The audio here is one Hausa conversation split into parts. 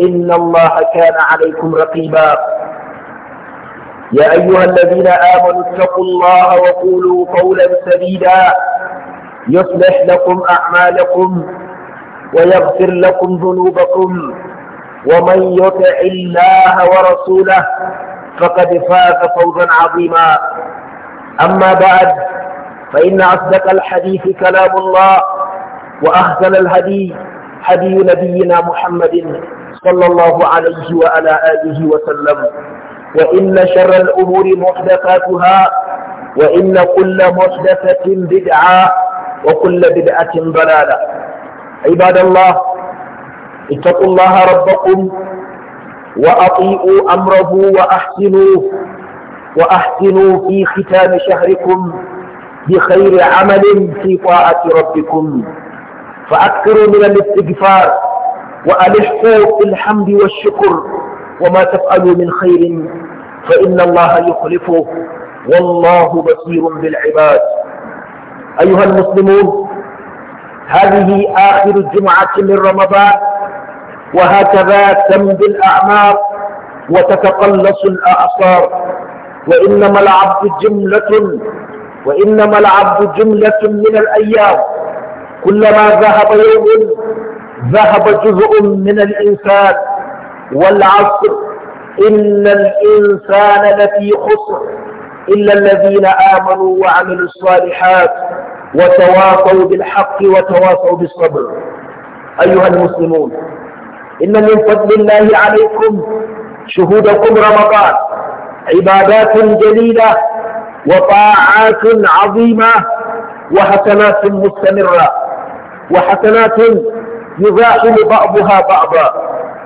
إن الله كان عليكم رقيبا يا أيها الذين آمنوا اتقوا الله وقولوا قولا سديدا يصلح لكم أعمالكم ويغفر لكم ذنوبكم ومن يطع الله ورسوله فقد فاز فوزا عظيما أما بعد فإن أصدق الحديث كلام الله وأحسن الهدي هدي نبينا محمد صلى الله عليه وعلى آله وسلم وإن شر الأمور محدثاتها وإن كل محدثة بدعة وكل بدعة ضلالة عباد الله اتقوا الله ربكم وأطيئوا أمره وأحسنوا وأحسنوا في ختام شهركم بخير عمل في طاعة ربكم فأكثروا من الاستغفار وألحقوا بالحمد والشكر وما تفعلوا من خير فإن الله يخلفه والله بصير بالعباد أيها المسلمون هذه آخر الجمعة من رمضان وهكذا تمضي الأعمار وتتقلص الأعصار وإنما العبد جملة وإنما العبد جملة من الأيام كلما ذهب يوم ذهب جزء من الإنسان والعصر إن الإنسان لفي خسر إلا الذين آمنوا وعملوا الصالحات وتواصوا بالحق وتواصوا بالصبر أيها المسلمون إن من فضل الله عليكم شهودكم رمضان عبادات جليلة وطاعات عظيمة وحسنات مستمرة وحسنات يزاحم بعضها بعضا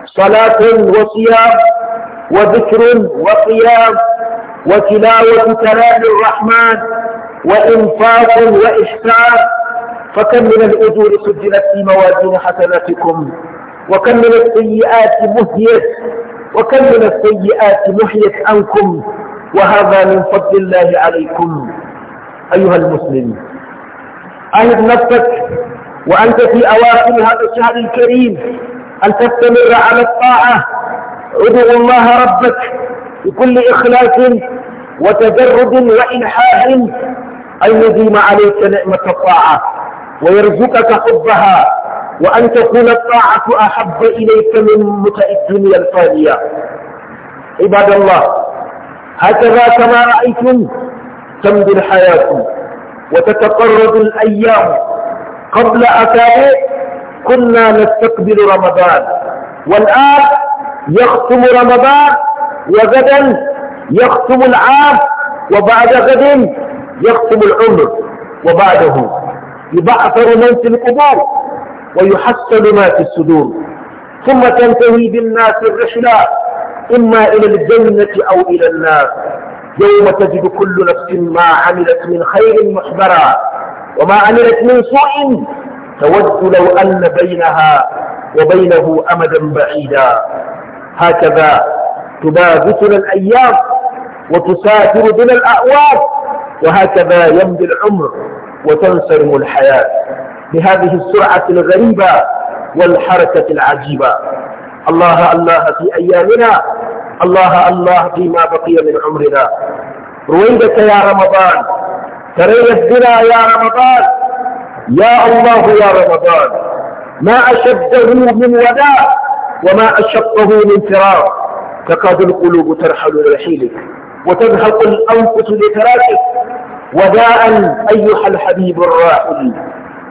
صلاة وصيام وذكر وقيام وتلاوة كلام الرحمن وإنفاق وإحسان فكم من الأجور سجلت في موازين حسناتكم وكم من السيئات مهيت وكم من السيئات محيت عنكم وهذا من فضل الله عليكم أيها المسلم أهد نفسك وأنت في أواخر هذا الشهر الكريم أن تستمر على الطاعة ادعو الله ربك بكل إخلاص وتجرد وإلحاح أن يديم عليك نعمة الطاعة ويرزقك حبها وأن تكون الطاعة أحب إليك من متى الدنيا الفانية عباد الله هكذا كما رأيتم تمضي الحياة وتتقرب الأيام قبل أسابيع كنا نستقبل رمضان والآن يختم رمضان وغدا يختم العام وبعد غد يختم العمر وبعده يبعثر من في القبور ويحسن ما في الصدور ثم تنتهي بالناس الرحلة إما إلى الجنة أو إلى النار يوم تجد كل نفس ما عملت من خير محبرا وما عملت من سوء تود لو أن بينها وبينه أمدا بعيدا هكذا تباغتنا الأيام وتسافر بنا الأعوام وهكذا يمضي العمر وتنصرم الحياة بهذه السرعة الغريبة والحركة العجيبة الله الله في أيامنا الله الله فيما بقي من عمرنا رويدك يا رمضان تريت بنا يا رمضان يا الله يا رمضان ما أشده من وداع وما أشقه من فراق تكاد القلوب ترحل لرحيلك وتذهب الأنفس لتراكك وداعا أيها الحبيب الراحل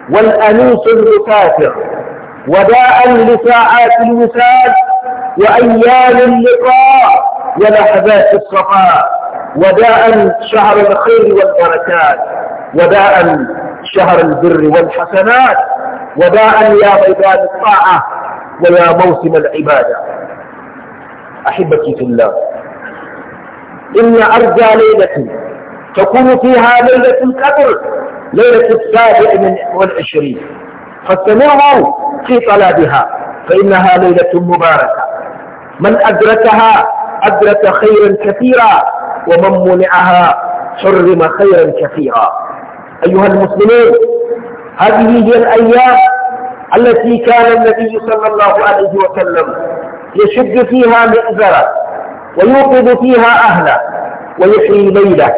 والأنوس المسافر وداعا لساعات الوساد وأيام اللقاء ولحظات الصفاء وداء شهر الخير والبركات وداء شهر البر والحسنات وداء يا عباد الطاعة ويا موسم العبادة أحبتي في الله إن أرجى ليلة تكون فيها ليلة القدر ليلة السابع من والعشرين فاستمروا في طلبها فإنها ليلة مباركة من أدركها أدرك خيرا كثيرا ومن منعها حرم خيرا كثيرا أيها المسلمون هذه هي الأيام التي كان النبي صلى الله عليه وسلم يشد فيها مئزره ويوقظ فيها أهله ويحيي ليله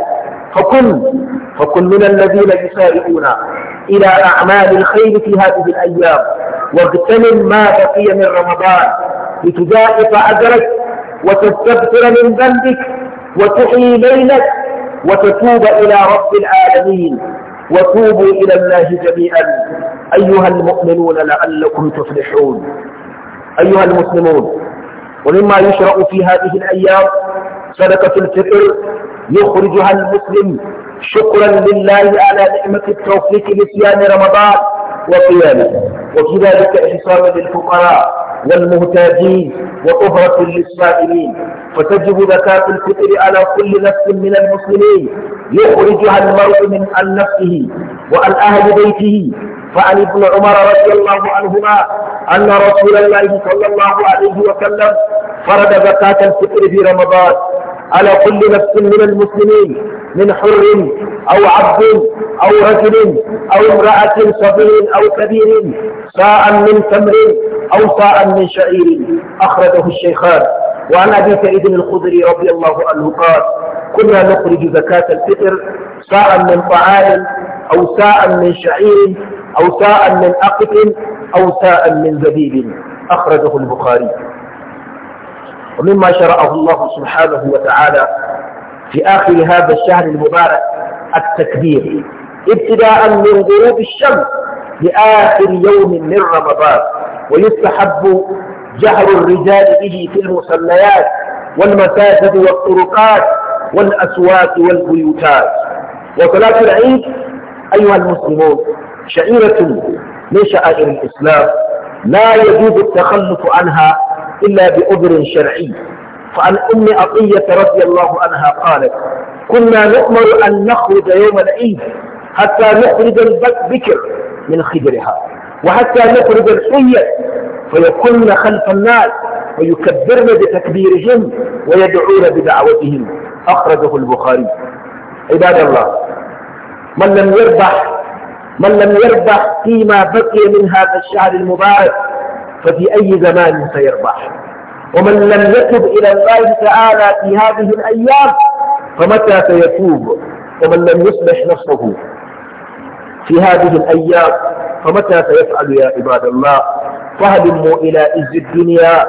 فكن فكن من الذين يسارعون إلى أعمال الخير في هذه الأيام واغتنم ما بقي من رمضان لتضاعف أجرك وتستغفر من ذنبك وتحيي ليلك وتتوب إلى رب العالمين وتوبوا إلى الله جميعا أيها المؤمنون لعلكم تفلحون أيها المسلمون ومما يشرع في هذه الأيام صدقة الفطر يخرجها المسلم شكرا لله على نعمة التوفيق لصيام رمضان وقيامه وفي ذلك إحصار للفقراء والمهتاجين وطهرة للسائلين فتجب زكاة الفطر على كل نفس من المسلمين يخرجها المرء من عن نفسه وعن أهل بيته فعن ابن عمر رضي الله عنهما أن رسول الله صلى الله عليه وسلم فرض زكاة الفطر في رمضان على كل نفس من المسلمين من حر أو عبد أو رجل أو امرأة صغير أو كبير ساء من تمر أو ساء من شعير أخرجه الشيخان وعن أبي سعيد الخدري رضي الله عنه قال كنا نخرج زكاة الفطر ساء من طعام أو ساء من شعير أو ساء من أقف أو ساء من زبيب أخرجه البخاري ومما شرعه الله سبحانه وتعالى في آخر هذا الشهر المبارك التكبير ابتداء من غروب الشمس لآخر يوم من رمضان ويستحب جهر الرجال به في المصليات والمساجد والطرقات والأسواق والبيوتات وصلاة العيد أيها المسلمون شعيرة من شعائر الإسلام لا يجوز التخلف عنها إلا بأذر شرعي فعن أم عطية رضي الله عنها قالت كنا نؤمر أن نخرج يوم العيد حتى نخرج البكر من خدرها وحتى نخرج الحية فيكن خلف الناس ويكبرن بتكبيرهم ويدعون بدعوتهم أخرجه البخاري عباد الله من لم يربح من لم يربح فيما بقي من هذا الشهر المبارك ففي أي زمان سيربح ومن لم يتب إلى الله تعالى في هذه الأيام فمتى سيتوب ومن لم يصلح نفسه في هذه الأيام فمتى سيفعل يا عباد الله فهدموا إلى إز الدنيا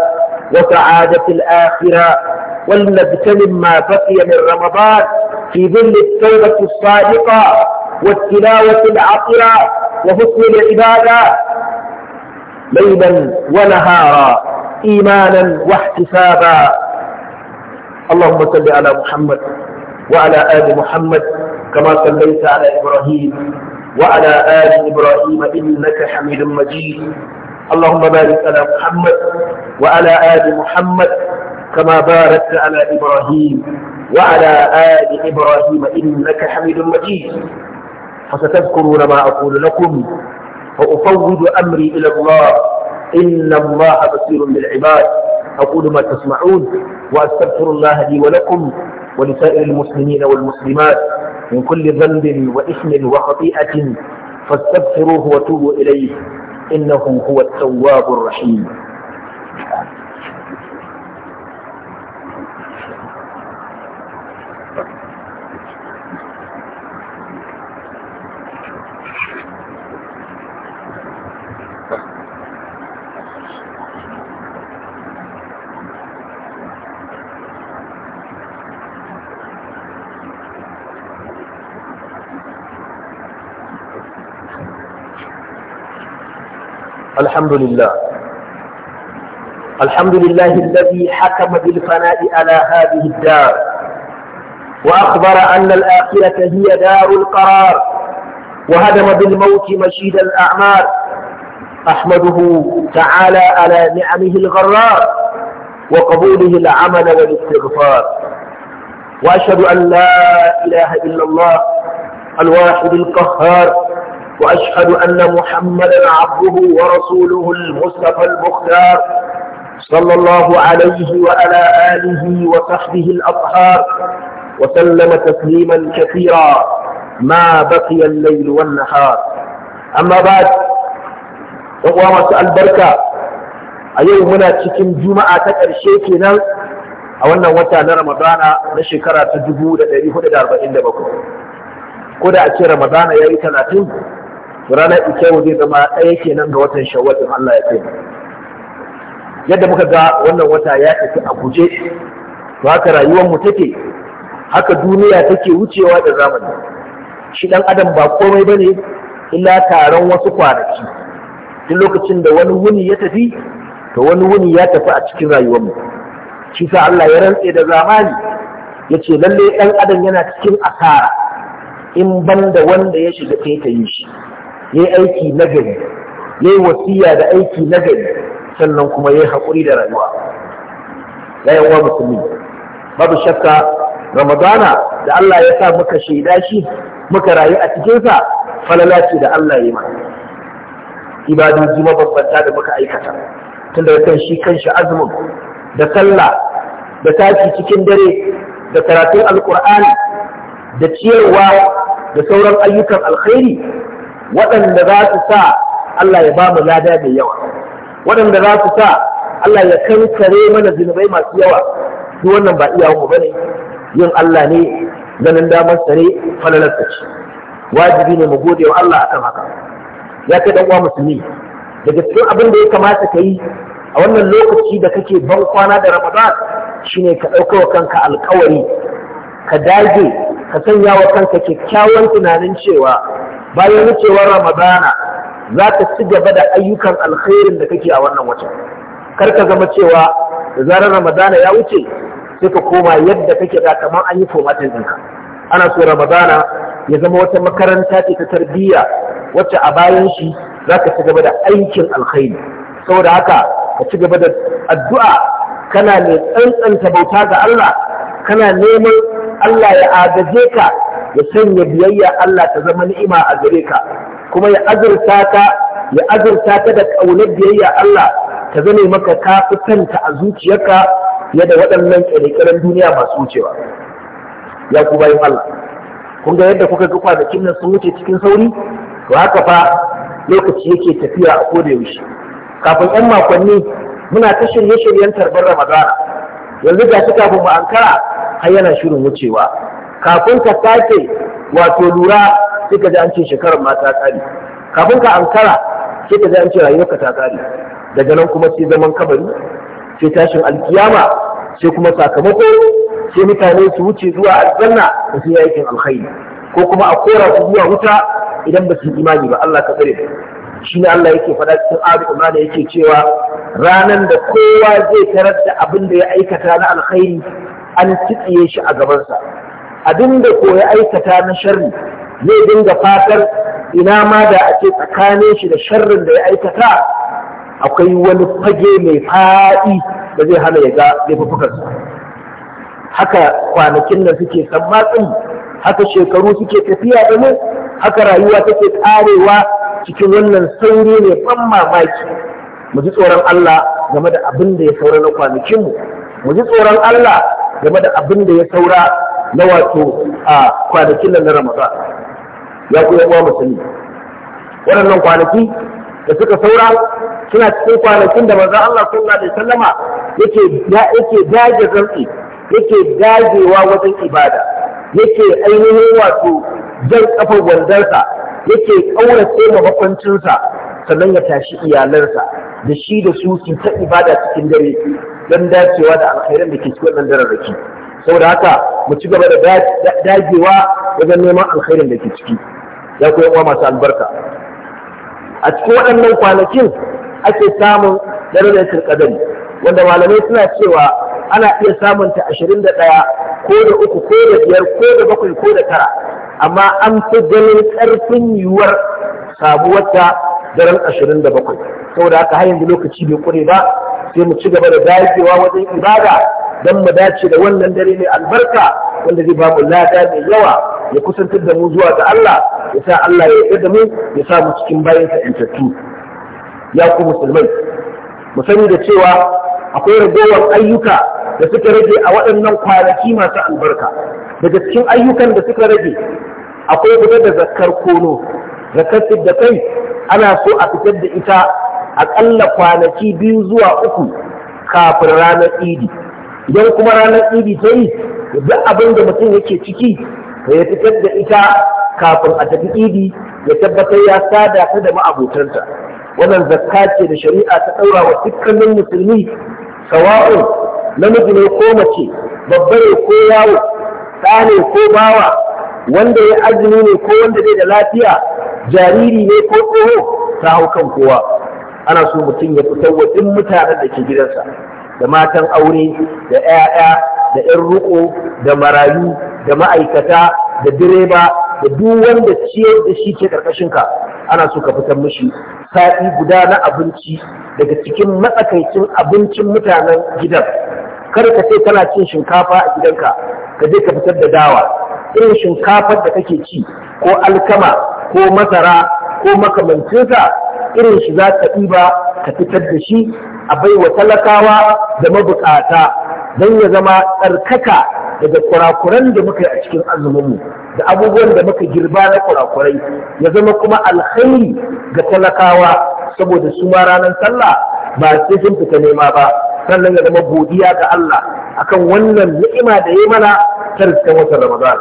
وسعادة الآخرة ولنبتلم ما بقي من رمضان في ظل التوبة الصادقة والتلاوة العطرة وحسن العبادة ليلا ونهارا إيمانا واحتسابا اللهم صل على محمد وعلى آل محمد كما صليت على إبراهيم وعلى آل إبراهيم إنك حميد مجيد اللهم بارك على محمد وعلى آل محمد كما باركت على إبراهيم وعلى آل إبراهيم إنك حميد مجيد فستذكرون ما أقول لكم فأفوض أمري إلى الله إن الله بصير بالعباد أقول ما تسمعون وأستغفر الله لي ولكم ولسائر المسلمين والمسلمات من كل ذنب وإثم وخطيئة فاستغفروه وتوبوا إليه إنه هو التواب الرحيم الحمد لله الحمد لله الذي حكم بالفناء على هذه الدار وأخبر أن الآخرة هي دار القرار وهدم بالموت مشيد الأعمار أحمده تعالى على نعمه الغرار وقبوله العمل والاستغفار وأشهد أن لا إله إلا الله الواحد القهار وأشهد أن محمدا عبده ورسوله المصطفى المختار صلى الله عليه وعلى آله وصحبه الأطهار وسلم تسليما كثيرا ما بقي الليل والنهار أما بعد مسأل بركة البركة أيوه، هنا تكن جمعة تكرشي شيكنا a wannan wata نشكرا ramadana na الأربعين لبكم dubu da da يريتنا تنبو ranar ikewu zai zama ɗaya kenan ga watan shawwal in Allah ya kai yadda muka ga wannan wata ya tafi a guje to haka rayuwar mu take haka duniya take wucewa da zamani shi dan adam ba komai bane illa taron wasu kwanaki duk lokacin da wani wuni ya tafi to wani wuni ya tafi a cikin rayuwar mu shi sa Allah ya rantse da zamani yace lalle dan adam yana cikin asara in banda wanda ya shiga kai ta yi shi ya yi aiki na gari ya yi wasiya da aiki na gari sannan kuma ya yi haƙuri da rayuwa yayin wa musulmi babu shakka ramadana da Allah ya sa muka shaida shi muka rayu a cikinsa falala ce da Allah ya yi mana ibadoji mabambanta da muka aikata tun daga kan shi kanshi azumin da sallah da tashi cikin dare da karatun alkur'ani da ciyarwa da sauran ayyukan alkhairi waɗanda za su sa Allah ya ba mu lada mai yawa waɗanda za su sa Allah ya kankare mana zunubai masu yawa su wannan ba iya mu bane yin Allah ne ganin damar sa ne falalarsa ce wajibi ne mu gode wa Allah akan haka ya kai dan uwa musulmi daga cikin abin da ya kamata ka yi a wannan lokaci da kake ban kwana da Ramadan shine ka ɗauka wa kanka alkawari ka dage ka sanya wa kanka kyakkyawan tunanin cewa bayan wucewar ramadana za ka ci gaba da ayyukan alkhairin da kake a wannan watan kar ka zama cewa da zarar ramadana ya wuce sai ka koma yadda kake da kamar an yi fomatin ɗinka ana so ramadana ya zama wata makaranta ce ta tarbiyya wacce a bayan shi za ka ci gaba da aikin alkhairi saboda haka ka ci gaba da addu'a kana mai tsantsanta bauta ga Allah kana neman Allah ya agaje ka ya sanya biyayya Allah ta zama ni'ima a gare ka kuma ya azurta ta ya azurta da ƙaunar biyayya Allah ta zame maka ka a zuciyarka fiye da waɗannan ƙirƙirar duniya masu wucewa ya ku bayan Allah kun ga yadda kuka ga kwanakin nan sun wuce cikin sauri to haka fa lokaci yake tafiya a koda yaushe kafin 'yan makonni muna ta shirye-shiryen tarbar Ramadana yanzu ga shi kafin mu ankara har yana shirin wucewa kafin ka sake wato lura sai ka ji an ce shekarar ma ta tsari kafin ka ankara sai ka ji an ce rayuwarka ta tsari daga nan kuma sai zaman kabari sai tashin alkiyama sai kuma sakamako sai mutane su wuce zuwa aljanna da su aikin alkhairi ko kuma a kora su zuwa wuta idan ba su imani ba Allah ka tsare shi ne Allah yake faɗa cikin Ali da yake cewa ranan da kowa zai tarar da abin da ya aikata na alkhairi an tsitsiye shi a gabansa abinda ko ya aikata na sharri zai dinga fatar ina ma da ake tsakanin shi da sharrin da ya aikata akwai wani fage mai faɗi da zai hana ya ga laifukansa haka kwanakin nan suke san matsin haka shekaru suke tafiya da mu haka rayuwa take karewa cikin wannan sauri ne ban mamaki mu ji tsoron Allah game da abin da ya saura na kwanakinmu mu ji tsoron Allah game da abin da ya saura na wato a kwanakin nan na Ramadan ya ku yawa musulmi waɗannan kwanaki da suka saura suna cikin kwanakin da manzon Allah sallallahu alaihi wasallama yake yake dage zanti, yake dagewa wajen ibada yake ainihin wato jan kafar wandarsa yake ƙaurace ma makwancinsa sannan ya tashi iyalarsa da shi da su su ta ibada cikin dare don dacewa da alkhairan da ke cikin wannan dararraki saboda haka mu ci gaba da dagewa wajen neman alkhairin da ke ciki ya koyi uwa masu albarka a cikin waɗannan kwanakin ake samun darajar kadari wanda malamai suna cewa ana iya samun ta ashirin da ɗaya ko da uku ko da biyar ko da bakwai ko da tara amma an fi ganin ƙarfin yiwuwar sabuwar ta daren ashirin da bakwai saboda haka har yanzu lokaci bai ƙure ba sai mu ci gaba da dagewa wajen ibada don mu dace da wannan dare mai albarka wanda zai ba mu lada mai yawa ya kusantar da mu zuwa ga Allah ya sa Allah ya yarda mu ya sa mu cikin bayan sa intattu ya ku musulmai mu sani da cewa akwai ragowar ayyuka da suka rage a waɗannan kwanaki masu albarka daga cikin ayyukan da suka rage akwai fitar da zakkar kono zakar da kai ana so a fitar da ita aƙalla kwanaki biyu zuwa uku kafin ranar idi idan kuma ranar idi ta yi duk abin da mutum yake ciki ya fitar da ita kafin a tafi idi ya tabbatar ya sada ta da ma'abotarta wannan zakka ce da shari'a ta ɗaura wa dukkanin musulmi sawa'un namiji ne ko mace babba ne ko yawo ɗa ko bawa wanda ya azumi ne ko wanda bai da lafiya jariri ne ko tsoho ta hau kan kowa ana so mutum ya fita wa ɗin mutanen da ke gidansa da matan aure da 'ya'ya da 'yan riƙo da marayu da ma'aikata da direba da duk wanda ciyar da shi ke ƙarƙashinka ana so ka fitar mishi sa'i guda na abinci daga cikin matsakaicin abincin mutanen gidan kar ka ce kana cin shinkafa a gidanka ka je ka fitar da dawa irin shinkafar da kake ci ko alkama ko masara ko makamancinsa irin shi za ka ɗiba ka fitar da shi a baiwa talakawa da mabukata don ya zama tsarkaka daga kurakuran da muka yi a cikin azuminmu da abubuwan da muka girba na kurakurai ya zama kuma alkhairi ga talakawa saboda su ma ranar sallah ba sai sun fita nema ba sannan ya zama godiya ga Allah akan wannan ni'ima da ya mana ta watan Ramadan.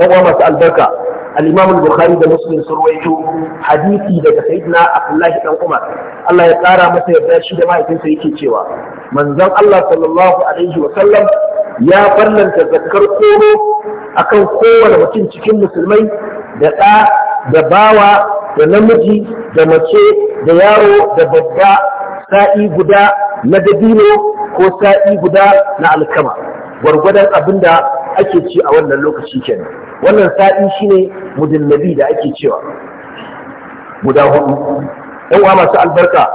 Yan masu albarka al-Imam al da Muslim sun rawaito hadisi daga Sayyidina Abdullahi dan Umar Allah ya kara masa yarda shi da mahaifinsa yake cewa manzon Allah sallallahu alaihi wa sallam ya fallanta zakkar koro akan kowane mutum cikin musulmai da ɗa da bawa da namiji da mace da yaro da babba sa'i guda na dabino ko sa'i guda na alkama gwargwadon abin da ake ci a wannan lokaci kenan wannan sa'i shine mudin nabi da ake cewa guda hudu ɗan uwa masu albarka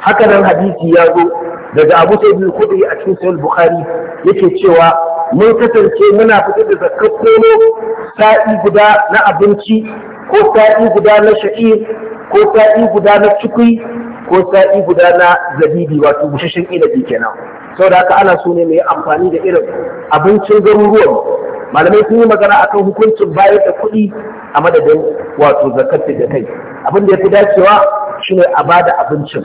haka nan hadisi ya zo daga Abu Sa'id al-Khudri a cikin Sahih Bukhari yake cewa mun kasance muna fitar da zakkar kono sa'i guda na abinci ko sa'i guda na sha'i ko sa'i guda na cikui ko sa'i guda na zabibi wato bushashin inabi kenan saboda haka ana so ne mai amfani da irin abincin garuruwan malamai sun yi magana akan hukuncin bayar da kuɗi a madadin wato zakat da kai abin da ya fi dacewa shine a bada abincin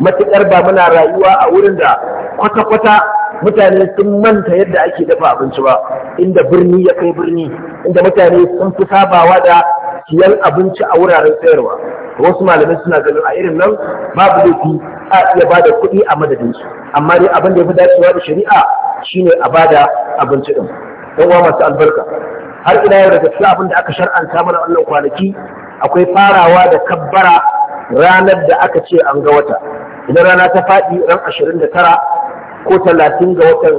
matuƙar ba muna rayuwa a wurin da kwata-kwata mutane sun manta yadda ake dafa abinci ba inda birni ya kai birni inda mutane sun fi sabawa da siyan abinci a wuraren sayarwa wasu malamai suna ganin a irin nan babu laifi a iya ba da kuɗi a madadin su amma dai abin da ya fi dacewa da shari'a shine a ba da abinci ɗin don wa masu albarka har ina yau da abin da aka shar'anta mana wannan kwanaki akwai farawa da kabbara ranar da aka ce an ga wata idan rana ta faɗi ran ashirin da tara ko talatin ga watan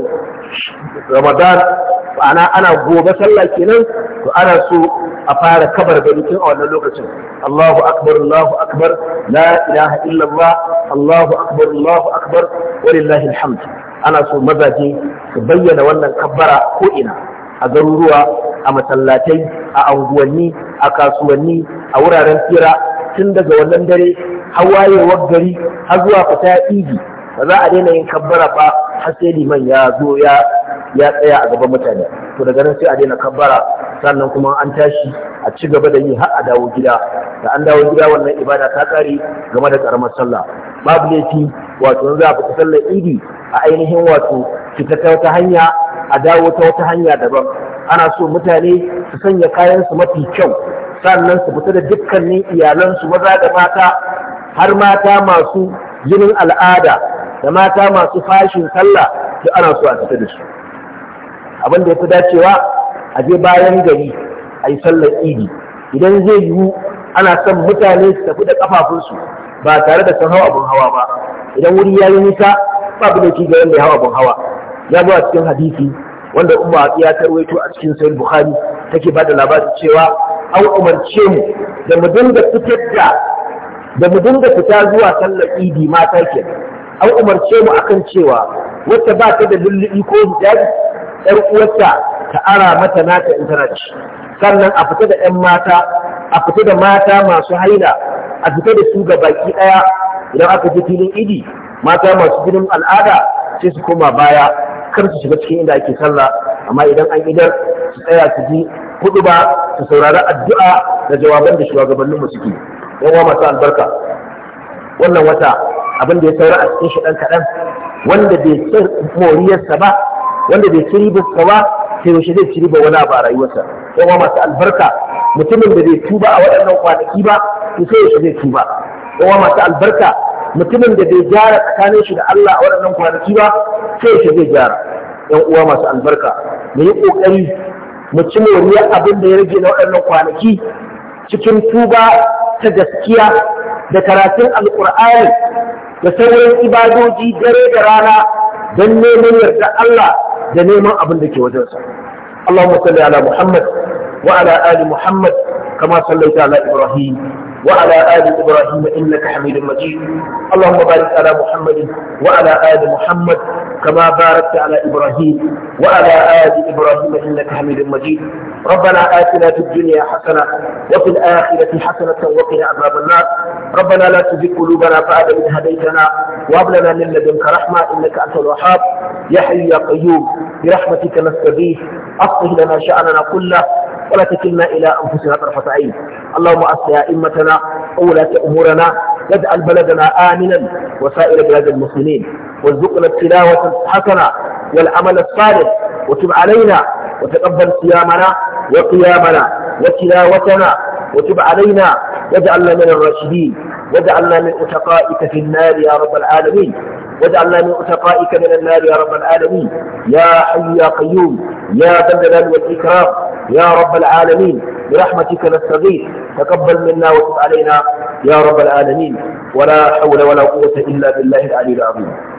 ramadan ana ana gobe sallah kenan to ana so a fara kabar da tun a wannan lokacin Allahu akbar Allahu akbar la ilaha illallah Allahu akbar Allahu akbar walillahi alhamd ana so mazaje su bayyana wannan kabbara ko ina a garuruwa a masallatai a anguwanni a kasuwanni a wuraren tsira tun daga wannan dare hawayewar gari har zuwa fita idi ba za a daina yin kabbara ba har sai liman ya zo ya ya tsaya a gaban mutane to daga nan sai a daina kabbara sannan kuma an tashi a ci gaba da yi har a dawo gida da an dawo gida wannan ibada ta kare game da karamar sallah babu laifi wato yanzu a fita sallar idi a ainihin wato fita ta wata hanya a dawo ta wata hanya daban ana so mutane su sanya kayan su mafi kyau sannan su fita da dukkanin iyalansu maza da mata har mata masu jinin al'ada da mata masu fashin sallah duk ana so a fita da su abin da ya fi dacewa a je bayan gari a yi sallar idi idan zai yiwu ana son mutane su tafi da kafafunsu ba tare da sun hau abin hawa ba idan wuri ya yi nisa ba da ki ga wanda ya hau abin hawa ya zo cikin hadisi wanda umma ya tarwaito a cikin sahih bukhari take bada labarin cewa an umarce mu da mu dinga fitar da da mu dinga fita zuwa sallar idi mata ke an umarce mu akan cewa wacce ba ta da lulluɓi ko hijabi ‘yar uwarta ta ara mata nata in sannan a fita da ‘yan mata a fita da mata masu haila a fita da su ga baki ɗaya idan aka ji filin idi mata masu jinin al'ada sai su koma baya kar su shiga cikin inda ake sallah amma idan an idar su tsaya su ji hudu ba su saurari addu'a da jawaban da shugabannin mu suke yawa masu albarka wannan wata abin da ya saura a cikin shi ɗan kaɗan wanda bai san moriyarsa ba wanda bai ci ribarsa ba sai yaushe zai ci ribar wani abu a rayuwarsa yawa masu albarka mutumin da bai tuba a waɗannan kwanaki ba to sai yaushe zai tuba yawa masu albarka mutumin da bai gyara tsakanin shi da Allah a waɗannan kwanaki ba sai yaushe zai gyara Ɗan uwa masu albarka mu yi ƙoƙari, mu ci moriyar abin da ya rage na waɗannan kwanaki cikin tuba ta gaskiya da karatun alkur'ani da sauran ibadoji dare da rana don neman yarda Allah da neman abin da ke wajen sa Allahumma salli ala Muhammad wa ala Muhammad kama sallaita ala Ibrahim wa ala ali Ibrahim innaka Hamidum Majid Allahumma barik ala Muhammad wa ala Muhammad kama barakta ala Ibrahim wa ala ali Ibrahim innaka Hamidum Majid ربنا آتنا في الدنيا حسنة وفي الآخرة حسنة وقنا عذاب النار ربنا لا تزغ قلوبنا بعد إذ هديتنا وهب لنا من لدنك رحمة إنك أنت الوهاب يا حي يا قيوم برحمتك نستغيث أصلح لنا شأننا كله ولا تكلنا إلى أنفسنا طرفة عين اللهم أصلح أئمتنا وولاة أمورنا واجعل بلدنا آمنا وسائر بلاد المسلمين وارزقنا التلاوة الحسنة والعمل الصالح وتب علينا وتقبل صيامنا وقيامنا وتلاوتنا وتب علينا واجعلنا من الراشدين واجعلنا من أتقائك في النار يا رب العالمين واجعلنا من أتقائك من النار يا رب العالمين يا حي يا قيوم يا ذا الجلال والإكرام يا رب العالمين برحمتك نستغيث تقبل منا وتب علينا يا رب العالمين ولا حول ولا قوة إلا بالله العلي العظيم